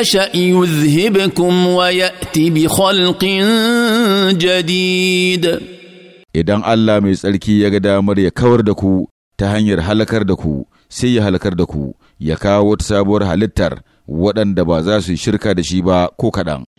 يشا يذهبكم وياتي بخلق جديد idan Allah mai tsarki ya ga damar ya kawar da ku ta hanyar halakar da ku sai ya halakar da ku ya kawo wata sabuwar halittar waɗanda ba za su yi shirka da shi ba ko kaɗan.